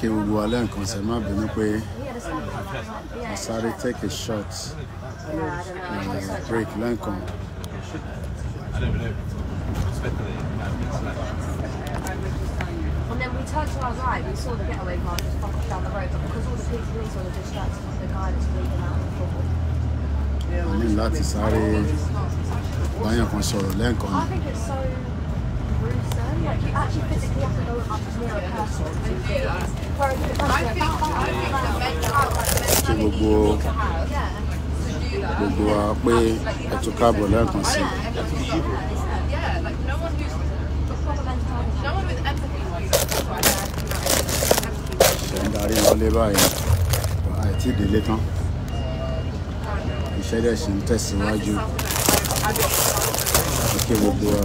kí gbogbo oh. alẹ́ nǹkan ṣe má bínú pé mo sáré take a shot break lẹ́ǹkan. And then we turned to our right, we saw the getaway car just pop down the road, but because all the police were distracted, the guy was leading out of the football. I need láti sáré báyọ̀ kan sọ̀rọ̀ lẹ́ǹkan like you actually physically have to go up near I think, the mentality to have, yeah. Gbogbo wa pé ẹ̀tún káàbọ̀ lẹ́ẹ̀kan sí i. Ṣé ń darí lọlé báyìí? Àìtí ìdílé tán. Iṣẹ́ dẹ̀ ṣì ń tẹ̀síwájú. Ike gbogbo wa.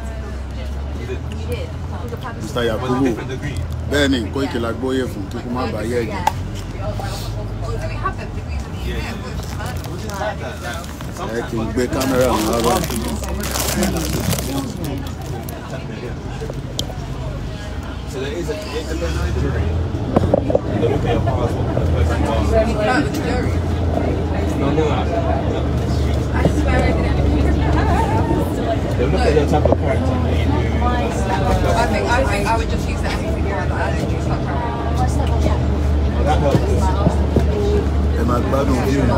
Mr. Yakubu bẹ́ẹ̀ ni nǹkan ìkìlá gbóyè fún kíkú má bàa yẹ ẹ̀jẹ̀. ẹ kì í gbé kámẹ́rà mi lára. So there is a, is a jury. There will be a passport for the person. No, no, no. I don't hear you.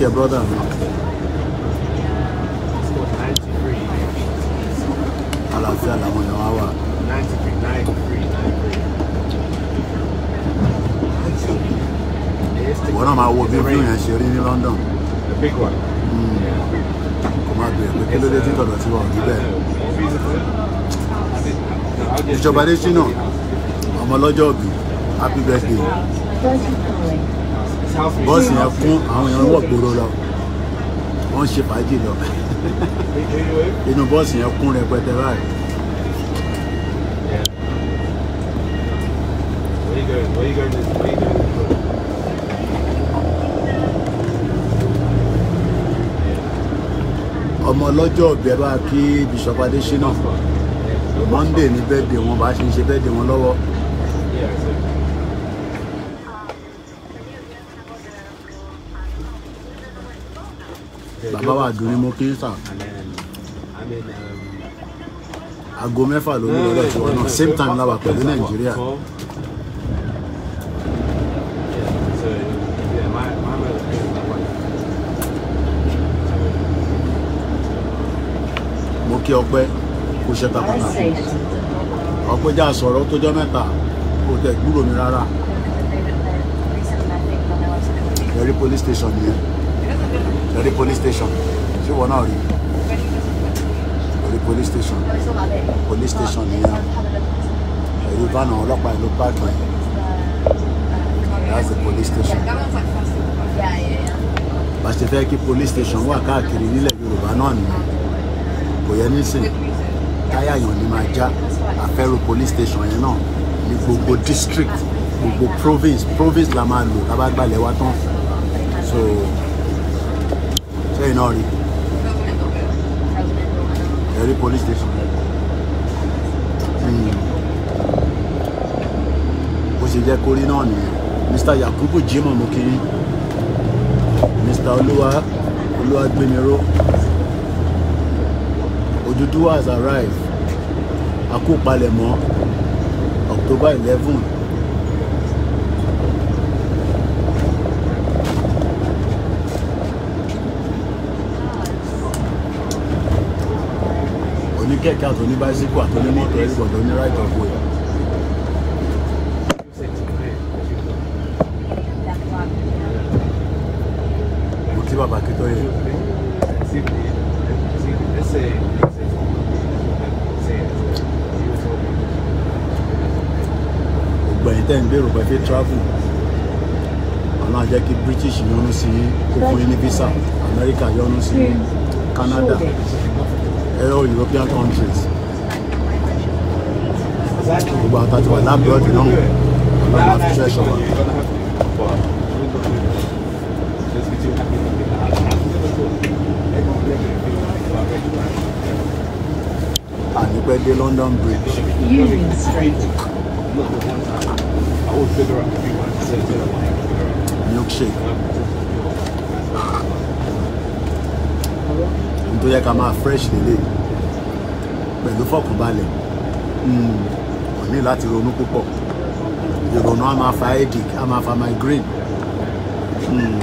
Take care, brother. Àlàáfíà doing? èèyàn wá in London. náà big one. bí fíìmù yẹn ṣe rí ní London. Hmm. Kò máa bèrè pé kí ló dé tí tọ̀dọ̀ ti wà òjú bẹ́ẹ̀. Ìjọba Adésínà, ọmọ ọlọ́jọ́ òbí, happy birthday bọ́ọ̀sì yẹn kún àwọn èèyàn gbòòrò lọ wọ́n ṣe fàájì lọ inú bọ́ọ̀sì yẹn kún rẹpẹtẹ báyìí. ọmọ ọlọ́jọ́ ọ̀bẹ bá kí bishop adesina monday ní bẹ́ẹ̀dẹ̀ wọn bá ṣe ń ṣe bẹ́ẹ̀dẹ̀ wọn lọ́wọ́. bàbá wa dùn kí sà aago mẹ́fà lórí lọ́dọ̀ tí náà same time la wà pẹ̀lú nàìjíríà. mo kí ọpẹ́ kò ṣe takuntakun ọpẹ́ já sọ̀rọ̀ tó jọ mẹ́ta kò tẹ̀ gbúrò mi rárá. Very police station yẹn. Yeah lórí police station ṣé wọn náà rí lórí police station police station nìyẹn ẹ̀rí bánà ọlọ́pàá ìlú páàkì that's the police station bá ṣe fẹ́ kí police station wà káàkiri nílẹ̀ Yorùbá náà nìyẹn kò yẹ nísìn táyà yàn ni máa já àfẹ́rù police station yẹn náà ní gbogbo district gbogbo province province la máa lò lábàgbàlẹ̀ wa tán so sẹ́yìn náà rí the police station Hmm. ṣe jẹ́ kórí náà nìyẹn Mr Yakubu Jima Mokiri Mr Olua, Olua Olúwagbéniró Odùduwà has arrived àkópalẹ̀mọ́ October eleven kẹ̀kẹ́ àtòní báísíkù àtòní mọ́tò ẹ̀rìbọ̀dọ̀ ní right of way. mo kí bàbá kí tó yẹ. gbẹ̀yìn tẹ́ ń gbèrò pé fi travel ọ̀nà jẹ́ kí British yọ́nú sí kókó yín ní visa America yọ́nú sí Canada all European countries gbogbo àwọn tàbí ọ̀dùn náà ọlọ́run máa fi ṣe ẹ̀ṣọ́ ànípẹ́ dé London Bridge. milkshake. tó yẹ ká máa fresh lélẹ̀ pẹ̀lú fọkànbalẹ̀ hmm, kò ní láti ronú púpọ̀ ìrònú á máa fa headache á máa fa migraine. Mm.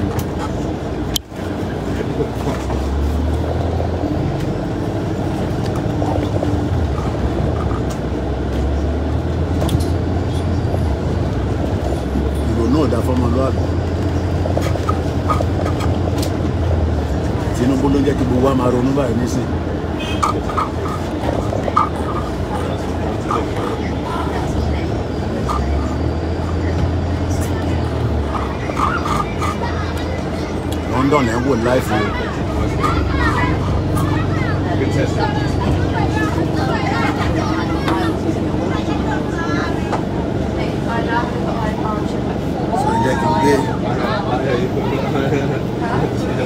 London ẹ̀ wò láìfù. sọ jẹ́ kí n gbé ẹ kí n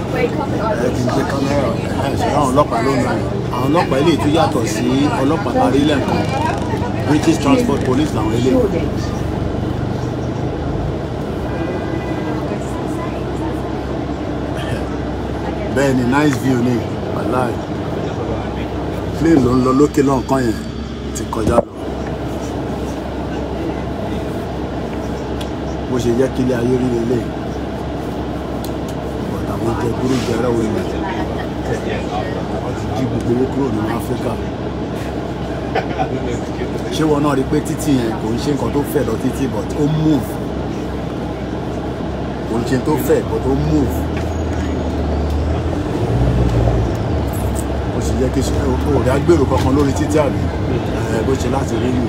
gbé kámẹ́rà ẹ̀sìn àwọn ọlọ́pàá lónìí àwọn ọlọ́pàá ilé ìtúyàtọ̀ sí ọlọ́pàá parí lẹ́ǹkan British Transport Police làwọn ilé. bẹ́ẹ̀ ni nice view ni wàláì plane ló ń lọ lókè lọ́nkán yẹn ti kọjá lọ bó ṣe jẹ́ kílé ayé rí lélẹ̀ bọ̀dà wọn jẹ kúrú jẹrẹ òun ni wọ́n ti jí gbogbo owó kúrò nínú Áfíríkà ṣé wọn náà rí pé títì yẹn kò ń ṣe nǹkan tó fẹ̀ lọ títì but ó move kò ń ṣe tó fẹ̀ but ó move. sì yẹ kí òòrè agbèrò kankan lórí títí àrí hmm. bó ṣe láti rí nù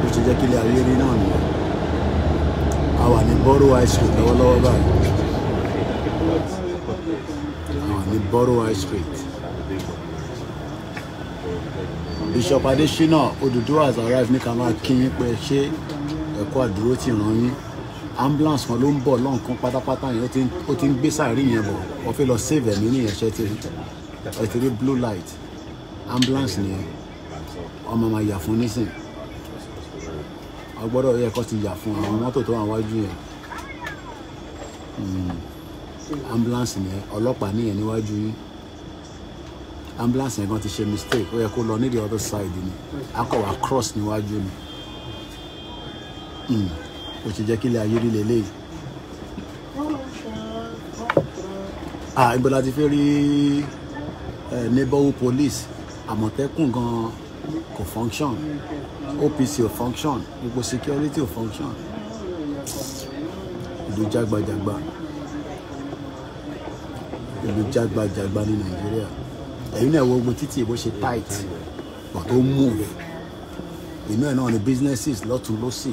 bó ṣe jẹ́ kí ilé ayé rí náà nù a wà ní bọ́rọ̀ high street lọ́wọ́lọ́wọ́ báyìí a wà ní bọ́rọ̀ high street Bishop Adesina Oduduwa has arrived ní ká máa kí yín pé ṣé ẹ̀kọ́ àdúró ti ràn yín ambulance kan ló ń bọ̀ lọ́nkán pátápátá yẹn ó ti ń gbé sáré yẹn bọ̀ wọ́n fi lọ save ẹ̀mí nìyẹn ṣe ti rí ètòrí blue light ambulance nìyẹn ọmọ máa yà fún nísìn ọgbọ́dọ̀ yẹ kó ti yà fún àwọn mọ́tò tó wà wájú yẹn hmm. ambulance nìyẹn ọlọ́pàá nìyẹn níwájú yín ambulance yẹn gan ti ṣe mistake ó yẹ kó lọ ní the other side ni akọ̀wà cross níwájú ni hmm. ó ti jẹ́ kílẹ̀ ayé rí lélẹ́yìí. ah ibo la ti fẹ́ rí. Eh, neighborhood police àmọ̀tẹ́kùn gan-an kò function OPC ò function gbogbo security ò function ìlú jágbajàgba ìlú jágbajàgba ní Nàìjíríà ẹ̀yin náà wo gbogbo títì bó ṣe tight but ó move inú ẹ̀ náà ni businesses lọ́tún lọ́sì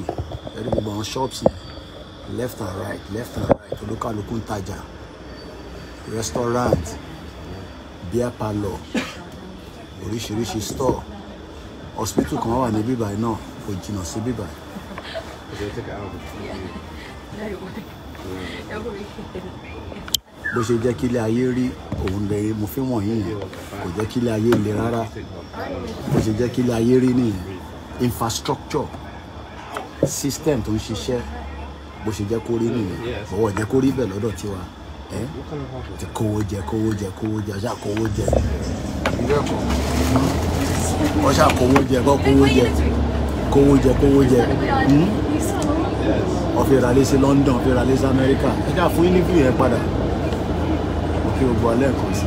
ẹ̀rí gbogbo àwọn shops left and right left and right olúkàlùkù ń tajà restaurant beer parlour oríṣiríṣi store hospital kan wà ní bíbá yìí náà kò jìnnà sí bíbá yìí. bó ṣe jẹ́ kí ilé ayé rí òun lè mo fi wọ̀nyí yẹn kò jẹ́ kí ilé ayé le rárá bó ṣe jẹ́ kí ilé ayé rí nìyẹn infrastructure system tó ń ṣiṣẹ́ bó ṣe jẹ́ kó rí nìyẹn bọ̀wọ̀ jẹ́ kó rí bẹ́ẹ̀ lọ́dọ̀ tiwa ti kówó jẹ kówó jẹ kówó jẹ ọṣà kówó jẹ ọṣà kówó jẹ kọ́ kówó jẹ kówó jẹ kówó jẹ hmm? ọ̀fẹ́ra lé sí London ọ̀fẹ́ra lé sí Amẹ́ríkà ẹ dá fún interview yẹn padà òkè ogun alẹ́ nǹkan sí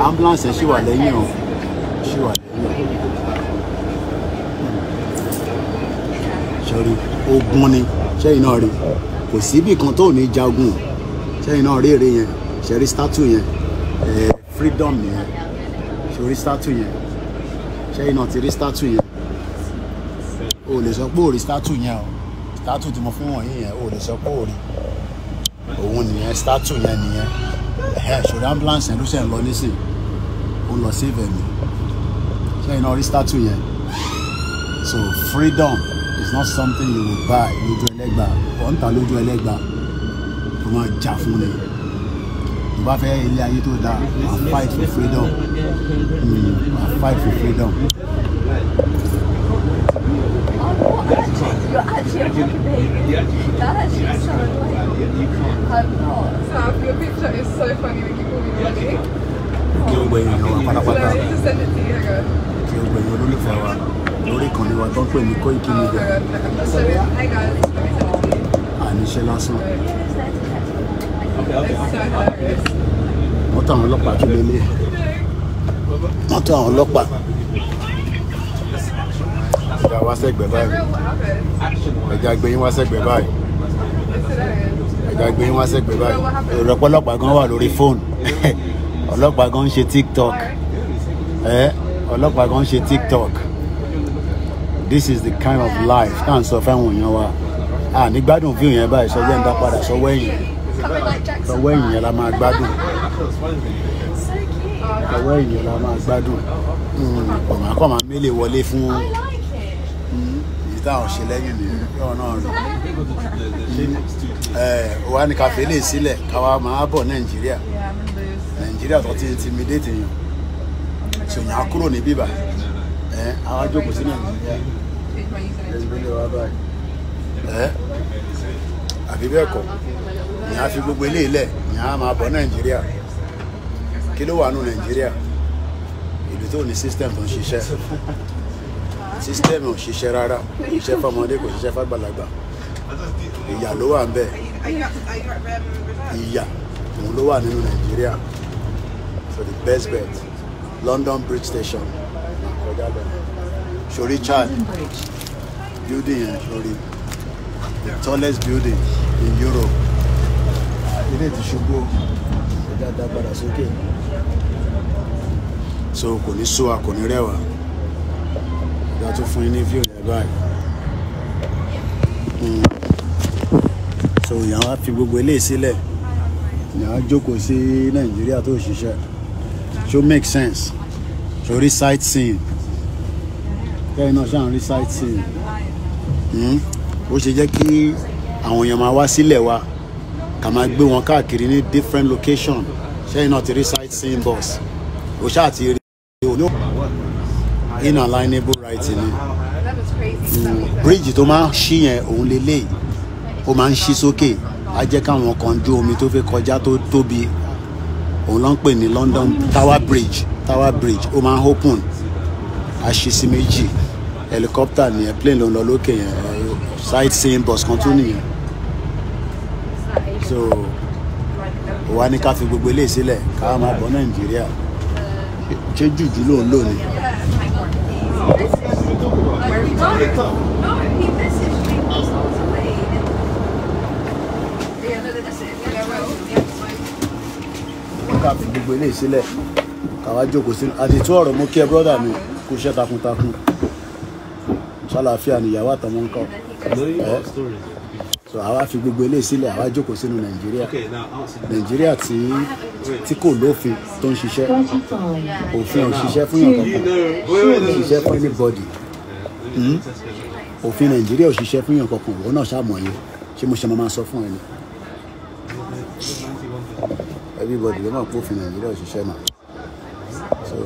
ambulance ẹ̀ ṣì wà lẹ́yìn o ṣì wà lẹ́yìn o ṣe ogun ni ṣẹ́yìn náà rí kò síbì kan tó ní jagun sẹ́yìn náà rèrè yẹn ṣẹ̀rí statue yẹn freedom yẹn ṣorí statue yẹn sẹ́yìn náà ti rí statue yẹn o lè sọ pé o rí statue yẹn o statue tí mo fún wọ̀nyí yẹn o lè sọ pé o rí òun nìyẹn statue yẹn nìyẹn ẹ̀hẹ́ ṣòro ambulance yẹn ló ṣe ń lọ nísìn ó lọ save ẹ̀mí sẹ́yìn náà rí statue yẹn so freedom not something you will buy lójú ẹlẹ́gbà ọ̀ǹtà lójú ẹlẹ́gbà tó máa jà fún ni tó bá fẹ́ ilé ayé tó dáa I fight for freedom mm, I fight for freedom. You're actually a baby. That I'm not. Sam, your picture is so funny when you call me Roddy. Kí o gbẹ̀yìn àwọn pátápátá. Kí o gbẹ̀yìn olólùfẹ́ lórí ìkànnì wa tó ń pè ní Koiki Media àníṣe lásán mọ́tò àwọn ọlọ́pàá tó lélẹ̀ mọ́tò àwọn ọlọ́pàá ẹja wá sẹ́gbẹ̀ẹ́ báyìí ẹja gbé yín wá sẹ́gbẹ̀ẹ́ báyìí ẹja gbé yín wá sẹ́gbẹ̀ẹ́ báyìí èrò ọlọ́pàá gan wà lórí fóònù ọlọ́pàá gan ń ṣe tiktok ẹ ọlọ́pàá gan ń ṣe tiktok this is the kind of life tá à ń sọ fáwọn èèyàn wa à ní gbádùn fíìmù yẹn báyìí sọjọ́ ń dá padà sọ́wọ́ ẹ̀yìn sọ́wọ́ ẹ̀yìn yẹn la máa gbádùn sọ́wọ́ ẹ̀yìn yẹn la máa gbádùn hmm, ọ̀mà kọ́ máa mélè wọlé fún hmm, èyí táwọn ṣe lẹ́yìn ní ọ̀rọ̀ náà rẹ̀ wà ní kàfé lè sílẹ̀ káwa máa bọ̀ nàìjíríà nàìjíríà tó ti intimidate yàn ṣòyàn á kúrò ní bíbà àwọn ajókòó sí nàìjíríà ẹ àbí bẹ́ẹ̀ kọ́ ìyẹn á fi gbogbo eléyìí lẹ̀ ìyẹn á máa bọ̀ nàìjíríà kí ló wà nù nàìjíríà ìlú tó ní system tó ń ṣiṣẹ́ system ò ṣiṣẹ́ rárá iṣẹ́ fọmọdé kò ṣiṣẹ́ fàgbàlagbà ìyà ló wà ń bẹ̀ ìyà òun ló wà nínú nàìjíríà so the best bet London Bridge Station sori Chad building yẹn the tallest building in Europe ilé ti ṣubú ìjà dàgbàdà sókè. so kò ní sú wa kò ní rẹ̀ wá ìjà tó fún yín ní view yẹn báyìí. Hmm. so ìyàn wa fi gbogbo eléyìí sílẹ̀ ìyàn wa jókòó sí to tó ṣiṣẹ́ so make sense so rí sightseeing kẹ́yìn náà ṣáà ń rí sightseeing. Hmm? ó ṣe jẹ́ kí àwọn èèyàn máa wá sílẹ̀ wa ká máa gbé wọn káàkiri ní different location ṣẹ́yìn náà ti rí sightseeing bus ó ṣáà ti rí olóò inalienable right ni hmm, bíríìjì tó máa ṣí yẹn òun lélẹ́yìí ó máa ń ṣí sókè á jẹ́ káwọn kan ju omi tó fẹ́ kọjá tó tóbi òun ló ń pè ní London Tower Bridge Tower Bridge ó máa ń open á ṣí sí méjì helicopter nìyẹn plane ló ń lọ lókè yẹn sightseeing bus kan tún nìyẹn so wa ní ká fi gbogbo ilé sílẹ̀ ká máa bọ̀ nàìjíríà ṣé jùjú ló ń lò ní. ká fi gbogbo ilé sílẹ̀ ká wá jókòó sínú àti tó ọ̀rọ̀ mú kí ẹ brọ́dà mi kú iṣẹ́ takuntakun sálàáfíà ni ìyàwó àtọmọ ń kọ. so àwa fi gbogbo eléyìí sílẹ̀ àwa jókòó sínú nàìjíríà nàìjíríà tí tí kò lófin tó ń ṣiṣẹ́ òfin ò ṣiṣẹ́ fún yàn kankan ò ṣiṣẹ́ fún anybody hmm? òfin nàìjíríà ò ṣiṣẹ́ fún yàn kankan òun náà ṣàmọ̀ yìí ṣé mo ṣe máa sọ fún ẹni everybody ló máa kó òfin nàìjíríà ò ṣiṣẹ́ náà so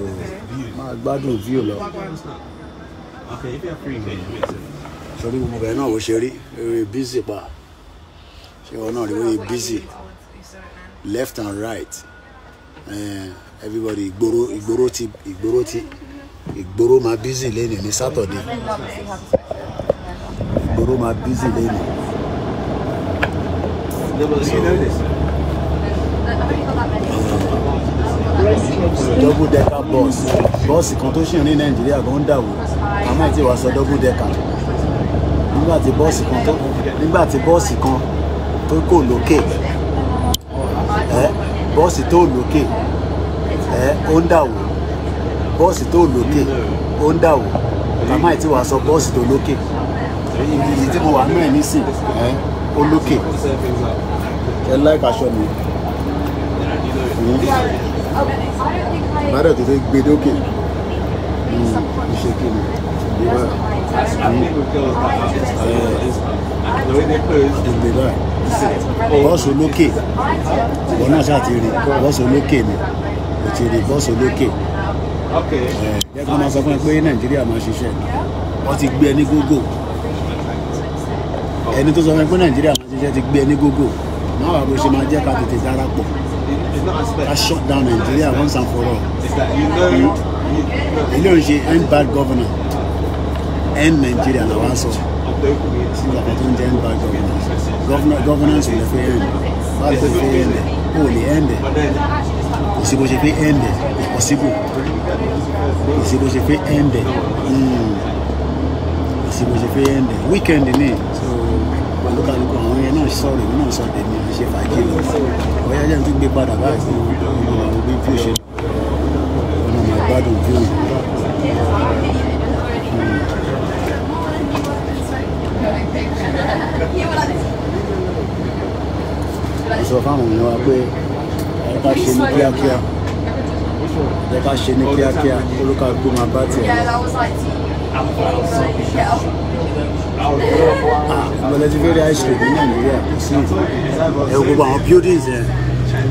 máa gbádùn view lọ sọ bí gbogbo ẹ náà ò ṣe rí eré bízì pa ṣé ọ náà rí wọ́n yé bízì left and right uh, everybody igboro, igboro ti igboro ti ìgboro máa bízì lẹ́nu ní sátọ̀dé ìgboro máa bízì lẹ́nu double decker bus Bus kan tó ṣìn ní nàìjíríà gan dàwó àmọ́ ẹ̀ tí wàá sọ double decker nígbà tí bọ́ọ̀sì kan tó nígbà tí bọ́ọ̀sì kan tó kò lókè ẹ bọ́ọ̀sì tó lókè ẹ ó ń dàwó bọ́ọ̀sì tó lókè ó ń dàwó àmọ́ ẹ̀ tí wàá sọ bọ́ọ̀sì tó lókè èyí tí mo wà nú ẹ̀ nísìn ẹ ó lókè ẹ láì kaṣọ mi bàdàn tètè gbé dókè ní hmm, iṣẹ́ kìíní ìgbéra ìgbéra bọ́ọ̀sì olókè wọn náà ṣáà ti rí bọ́ọ̀sì olókè ni kò ti rí bọ́ọ̀sì olókè jẹ́ kí wọ́n máa sọ fún ẹ pé nàìjíríà máa ṣiṣẹ́ wọ́n ti gbé ẹ ní gógó ẹni tó sọ fún ẹ pé nàìjíríà máa ṣiṣẹ́ ti gbé ẹ ní gógó máa wà bó ṣe máa jẹ́ ká tètè darapọ̀ that shut down Nigeria once and for all. Ilé òun ṣe end bad governor end Nigeria na wá sọ. Ìgbàgbọ́ tó ń jẹ́ end bad governor. Governance ò lè fẹ́ end. Báwo ló fẹ́ end ẹ̀? Ó lè end ẹ̀. Kò ṣe fẹ́ end ẹ̀. Kò sí bó. Kò sí ṣe fẹ́ end ẹ̀. Kò sí bó ṣe fẹ́ end ẹ̀. Weekend ni. So, sọ̀rọ̀ èmi náà sọ tèmi fi ṣe fàájì lọ ọ̀yá jẹ́ tó gbé padà báyìí sí ọmọ àwọn bí bí ó ṣe ọmọ máa gbádùn bí ó sọ fáwọn èèyàn wa pé ẹ ká ṣe ní kíákíá ẹ ká ṣe ní kíákíá olúkà gbó máa bá tiẹ̀ lọ àbẹ̀lẹ̀ ti fẹ́rẹ̀ ice cream ní nàìjíríà kò sí ẹ̀rù gbogbo àwọn buildings yẹn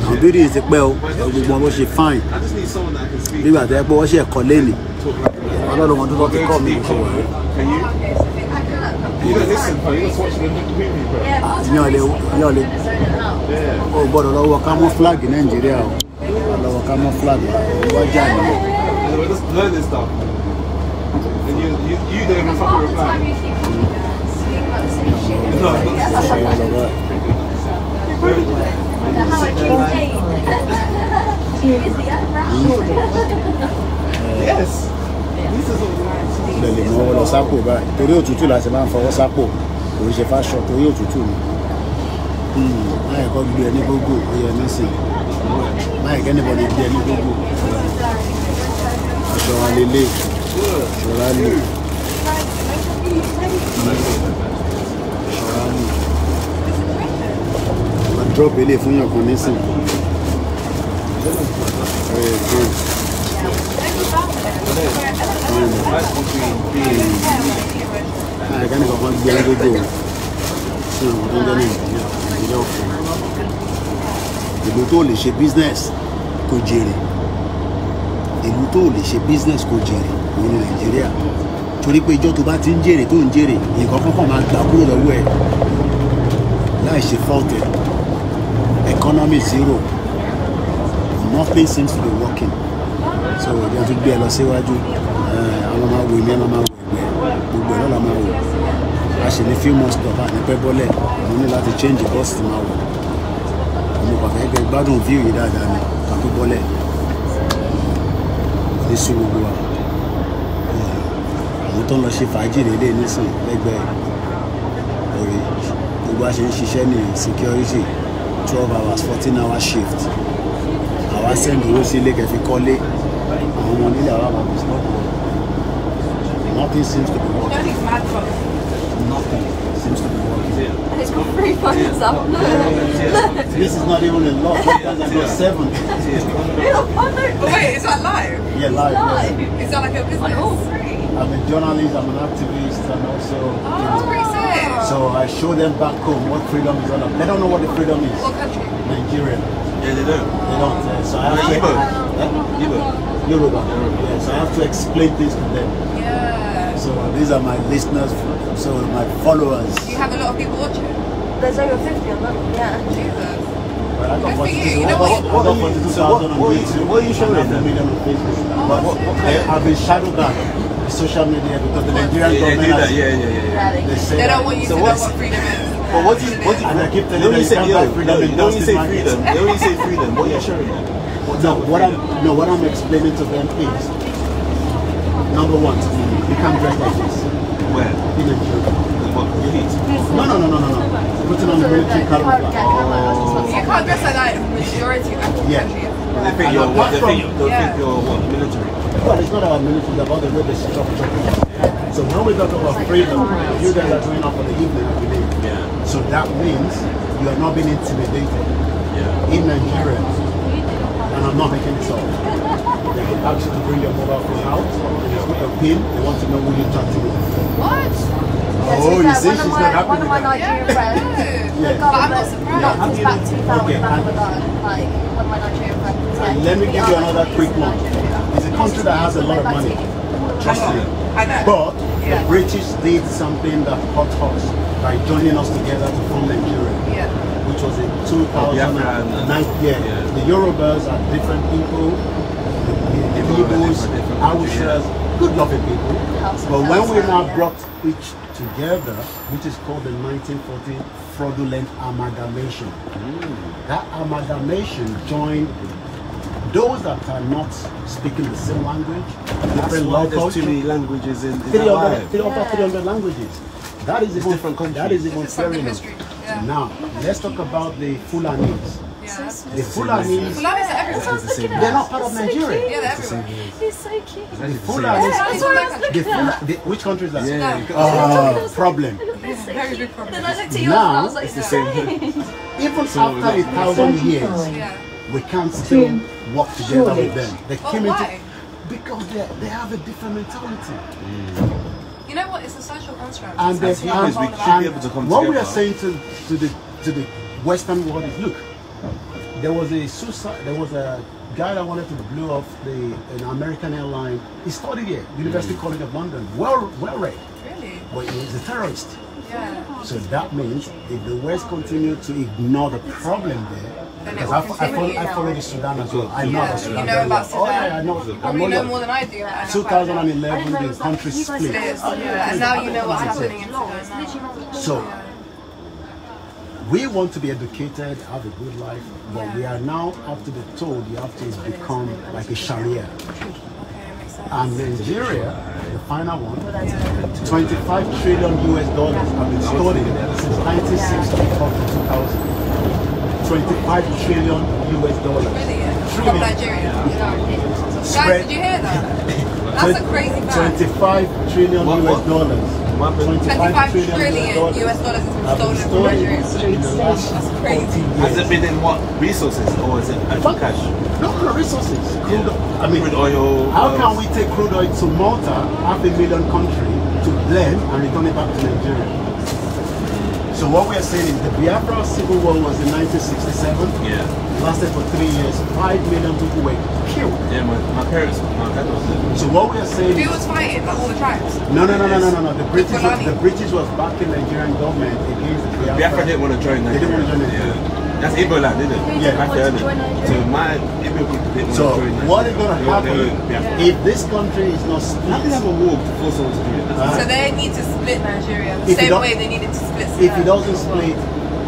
àwọn buildings ti pẹ́ o ẹ̀rù gbogbo wọn bó ṣe fine nígbà tó yẹ pé wọ́n ṣe ẹ̀kọ́ lẹ́nì ọlọ́run wọn tó lọ́ọ́ ti kọ́ mi kò ṣe wà yàn lè o gbọ́dọ̀ flag camouflage nàìjíríà o lọ́wọ́ camouflage wọ́n jà nìyẹn you don't even fucking reply. No, yes. Lè lè mọ lọ sápò báyìí torí òtútù láti máa ń fọwọ́ sápò kò ṣe fáṣọ torí òtútù ni. Hmm, Máyì kọ́ gbé ẹni gbogbo oyè ẹni sìn. Máyì kẹ́nìbọ̀ lè gbé ẹni gbogbo. Aṣọ wa lè lè. Aṣọ wa lè drop ilé fún yàn kan nísìn. Àìká ní kankan gbé gbogbo sí àwọn tó ń jẹ́ Nàìjíríà Nàìjíríà òfin. Ìlú tó lè ṣe business kò jèrè. Ìlú tó lè ṣe business kò jèrè òun ní Nàìjíríà torí pé ìjọ́ tó bá ti ń jèrè tó ń jèrè nǹkan kọ́kàn máa gbà kúrò lọ́wọ́ ẹ̀ láì ṣe fọ́ọ̀tẹ̀ economy zero nothing seems to be working so ìjọ tó gbé ẹ lọ síwájú eh, àwọn máa wò mí ẹ máa wò ẹgbẹ gbogbo ẹ lọ́la máa wò a ṣe ní few months tó bá ní pẹ́ bọ́lẹ̀ mo ní láti change the bus ti máa wò mo pàfẹ́ gbẹ gbádùn view yìí dáadáa ni kàtó bọ́lẹ̀ ní sí gbogbo wa mo tó ń lọ ṣe fàájì lélẹ̀ nísìn lẹ́gbẹ̀ẹ́ orí gbogbo a ń ṣiṣẹ́ ní security twelve hours fourteen hour shift àwa send owó sí ilé kẹfì kọ́lé àwọn ọmọ nílẹ̀ àwa máa bùsùn lọ́kùnrin nothing seems to be working nothing seems to be working. And it's got three phones up. This is not even a lot. I've got seven. Oh, wait, is that live? Yeah, live. It's live. Is that like a business? I'm a journalist, I'm an activist, and also. Oh, pretty so I show them back home what freedom is all about. They don't know what the freedom is. What country? Nigeria. Yeah, they don't. They don't. Uh, so I have Yoruba. to. Yoruba. Uh, Yoruba. Yoruba. Yeah, so I have to explain this to them. Yeah. So uh, these are my listeners, so my followers. Do you have a lot of people watching? There's over 50 on that. Yeah. Jesus. Well, I got 42,000 on YouTube. What are you showing them? What, what, what, what, what, what, what, what, social media because the Nigerian yeah, government yeah, has, yeah, yeah, yeah, yeah. They, say they don't want you so to know what freedom is. But what is what? And I keep telling you, you say freedom. No, don't you say freedom. Don't you say freedom? What are you showing them? No, what I'm no, what I'm explaining to them is number one, you can't dress like this. Where? In Nigeria for elite. No, no, no, no, no, no. Putting on the military caliber. Oh. You can't dress like that in majority of the Yeah. They think you're what? They think you're, yeah. think you're what? Military. But it's not our military, it's about the way they set up. Yeah. So when we talk about freedom, you guys are going out for the evening every day. Yeah. So that means you are not being intimidated. Yeah. In Nigeria, and I'm not making this up they can ask you to bring your mobile phone out, they put a pin, they want to know who you're talking to. What? That's oh, you see, she's my, not happy One of my Nigerian friends, yeah. got I'm not surprised. Not just about okay, Like, one of my Nigerian friends. Yeah, let me give you another quick one. It's a country that has a lot of money. Trust oh, me. But the British did something that hurt us by joining us together to form Nigeria. Yeah. Which was in 2009. Yeah. The Yorubas are different people. The Igbos, Hausas, good loving people. But when we now brought each together, which is called the 1914 fraudulent amalgamation. Mm. That amalgamation joined those that are not speaking the same language, different why too many languages in, in yeah. 300 languages. That is even, different country. That is even fair enough. Yeah. Now, let's talk about the Fulanis. Yeah. So it's Fulani. Fulani's everywhere. They're not part of Nigeria. So yeah, they're everywhere. He's so cute. Fulani. Yeah, that's what The, which country is that? Yeah. yeah. Uh, problem. very big problem. now, it's the same Even so after a thousand years, yeah. we can't still work together Surely. with them. They well, came why? into because they they have a different mentality. Mm. You know what? It's a social construct. And, and, what together. we are saying to, to the to the Western world is, look, there was a suicide. There was a guy that wanted to blow off the an American airline. He studied here, University mm. College of London. Well, well read. Really? But he was a terrorist. Yeah. So that means if the West continue to ignore the problem there, because I, I, follow, I follow the Sudan as well. I know yeah, the Sudan. You know about Sudan. Oh, yeah, I know. You probably know, more than I do. Like, 2011, the country split. yeah. And now you know what's happening in Sudan. So we want to be educated, have a good life, but we are now up to the told you have to become like a Sharia. And Nigeria, the final one, 25 trillion US dollars have been stolen since 1960 up to 2000. 25 trillion US dollars from Nigeria. Guys, did you hear that? That's a crazy fact. 25 trillion what, what? US dollars. 25 trillion, trillion US dollars has been stolen from Nigeria. That's crazy. Has it been in what? Resources or is it actual cash? No, resources. Crude, yeah. I mean, crude oil. How uh, can we take crude oil to Malta, half a million country, to blend and return it back to Nigeria? So what we are saying is the Biafra Civil War was in 1967. Yeah. Lasted for three years. Five million people were killed. Yeah, my, my parents, my dad was there. So what we are saying. Who was fighting? Like all the tribes? No, no, no, no, no, no, no. The British, was, the British was backing the Nigerian government against the Biafra. Biafra didn't want to join Nigeria. They didn't want to join Nigeria. Yeah. That's Igbo land, isn't it? Yeah, back there. So my Igbo people so what is going to happen yeah. if this country is not split? How can have a war to force someone to do it? Right. Uh, so they need to split Nigeria the same way they needed to split. Sudan. If it doesn't split,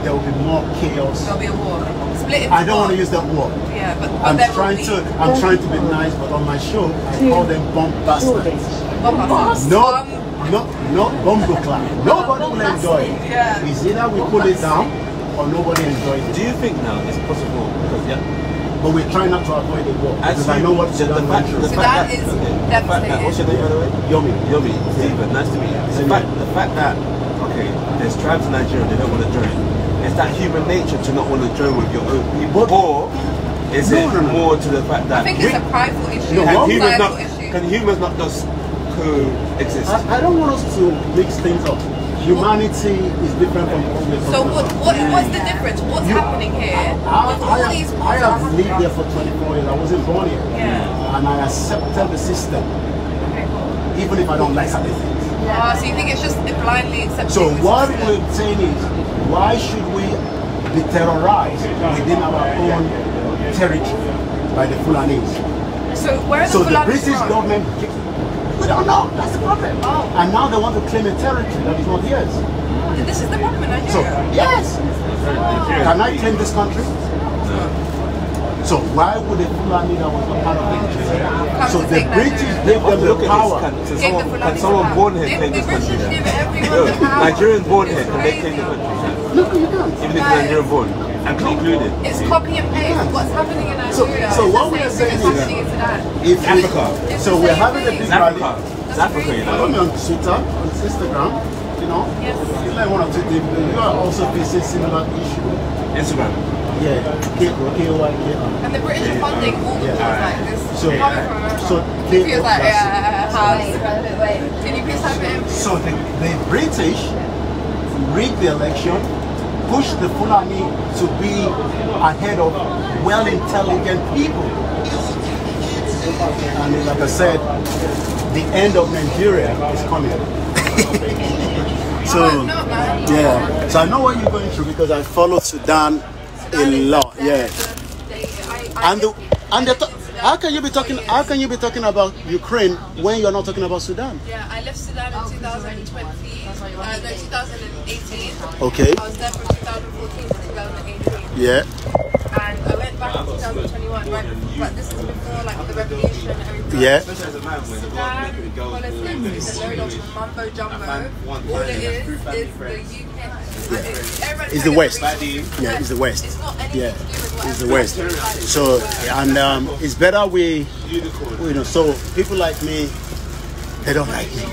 there will be more chaos. There'll be a war. Split. I don't want to use that word. Yeah, but, but I'm trying to. I'm Bomb trying to be nice, but on my show, I call them bomb bastards. Bomb bastards. No, no, no, bomb Nobody will enjoy it. Yeah. Is either we pull it down or nobody enjoys it. Do you think now it's possible? Because yeah. But we're trying not to avoid it, well, because I know what Sudan went through. So that is okay, devastating. What's your name, by the way? Yomi. Yomi. Stephen, nice to meet you. The fact, the fact that, okay, there's tribes in Nigeria, they don't want to join. It's that human nature to not want to join with your own people. Or is no, it no, no. more to the fact that... I think it's we, a prideful issue. No, can, humans not, issue. can humans not just coexist? I, I don't want us to mix things up humanity is different from communism. So what, what, what's the difference? What's you, happening here? I, I, I, have, I have lived there for 24 years. I wasn't born here. Yeah. And I accepted the system, okay. even if I don't like certain things. Yeah. Oh, uh, so you think it's just blindly accepting? So what we're saying is, why should we be terrorized within our own territory by the Fulanese? So where are the so the British from? government don't know. That's the problem. Oh. And now they want to claim a territory that is not theirs. this is the problem in Nigeria. So, yes. Oh. Can I claim this country? No. So why would a Fulani that was a part of Nigeria? So the British gave them the power. Can, so someone, can someone born here claim this country? Nigerians born here, can they claim the country? Look, you can't. Even if you're Nigerian born and concluded. It's copy and paste what's happening in Nigeria. So, so what we're saying is that if Africa. It's so we're having a big rally. It's Africa, you know. Follow me on Twitter, on Instagram, you know. Yes. You like one or two people. You are also facing similar issue. Instagram. Yeah, K O K O I K R. And the British are funding all the yeah. like this. So, so they feels like, yeah, Can you please have him? So the, the British rigged the election push the Fulani to be ahead of well-intelligent people. And like I said, the end of Nigeria is coming. so, yeah. So I know what you're going through because I follow Sudan a lot. Yeah. And the and the how can you be talking? How can you be talking about Ukraine when you're not talking about Sudan? Yeah, I left Sudan in 2012. 2018. Okay. I was there from 2014 to 2018. Yeah. And I went back in 2021, right? But this is before like the revolution and everything. Yeah. Sudan politics is a of mumbo jumbo. All it is is the UK. Yeah. It's the West. Yeah, it's the West. It's not yeah. It's the West. So, and um, it's better we, you know, so people like me, they don't like me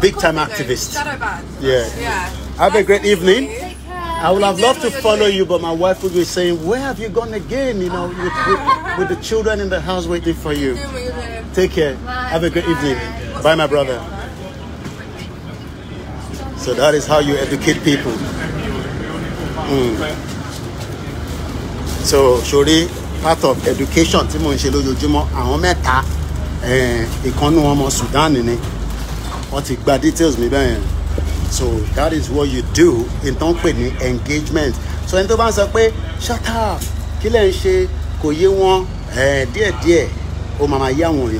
big time activist. Shadow Yeah. Yeah. Have nice a great evening. I would have loved to follow you, but my wife would be saying, "Where have you gone again?" You know, with, with, with the children in the house waiting for you. Take care. Bye. Have a great evening. Bye, my brother. So that is how you educate people. Mm. So, Shori, part of education tí mo ń ṣe lójoojúmọ́ àwọn mẹ́ta eh, ìkànnì wọ́n ti gba details mi bẹ́ẹ̀ yẹn so that is what you do in tó ń pè ní engagement so ẹni tó bá ń sọ pé shut up kí lẹ́ ń ṣe kò yé wọn díẹ̀díẹ̀ ó máa máa yé àwọn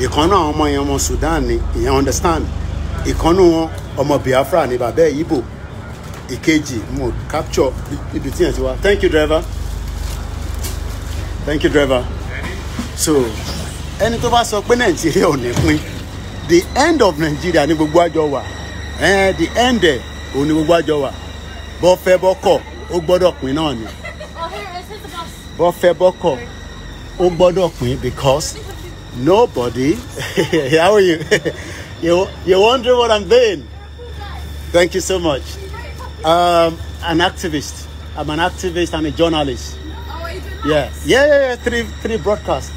ìkànnà àwọn ọmọ yẹn ọmọ Sudan ni ìyẹn understand ìkànnà wọn ọmọ Biafra ni bàbá ẹ̀ Igbo ìkejì mo capture ibi tí yẹn ti wá thank you driver thank you driver so ẹni tó bá sọ pé Nàìjíríà ò ní pín. the end of Nigeria ni gbogbo àjọ wà eh, the end ẹ̀ òun ni gbogbo àjọ wà bọ́ fẹ́ bọ́ kọ̀ ó gbọ́dọ̀ pín náà ni oh, bọ́ fẹ́ bọ́ ó gbọ́dọ̀ pín because nobody how are you? you you wondering what I'm doing thank you so much um, an activist I'm an activist I'm a journalist oh, yeah yeah yeah, yeah. three three broadcasts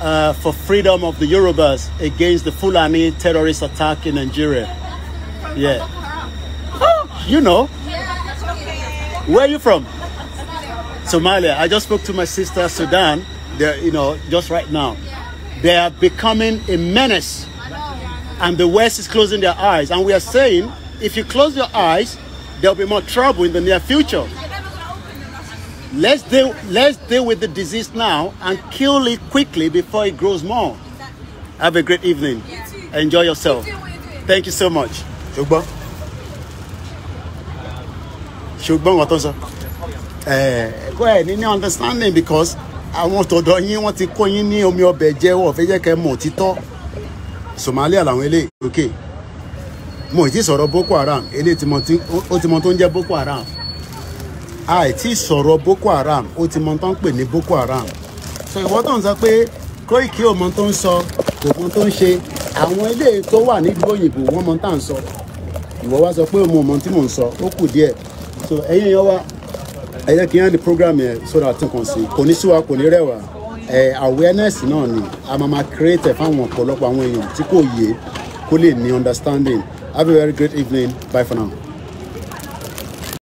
uh, for freedom of the Yorubas against the Fulani terrorist attack in Nigeria. Yeah. Oh. you know. Where are you from? Somalia. I just spoke to my sister Sudan. They're, you know, just right now. They are becoming a menace. And the West is closing their eyes. And we are saying, if you close your eyes, there'll be more trouble in the near future. Let's deal, let's deal with the disease now and kill it quickly before it grows more. Have a great evening. You Enjoy yourself. You Thank you so much. ṣùgbọ́n ṣùgbọ́n wọ́n tó sọ ẹ̀ẹ́dẹ́gbọ́ ẹ̀ ní ní understanding because I want to do ti want to call omi ọbẹ̀ jẹ́ wọ́n fẹ́ jẹ́ kẹ́ mọ̀ títọ́ Somalia làwọn eléyìí mo ì tí sọ̀rọ̀ Boko Haram eléyìí ó ti mọ tó ń Boko Haram àìtí sọ̀rọ̀ Boko Haram ó ti mọ tán pè ní Boko Haram so ìwọ́n tó ń sọ pé Koiki ò mọ tó ń sọ kò mọ tó ń ṣe àwọn eléyìí tó wà nílùú òyìnbó wọ́n mọ tá à ń sọ ìwọ wá sọ pé mo mọ tí mò ń sọ ó kù díẹ̀ so ẹ̀yin yẹn wá ẹ jẹ́ kí n yẹn ní program yẹn sódà tún kàn sí kò ní síwa kò ní rẹwà ẹ awareness náà ni a máa ma create fáwọn ọ̀pọ̀lọpọ̀ àwọn èèyàn tí kò yé kó lè ní understanding have a very great evening bye for now.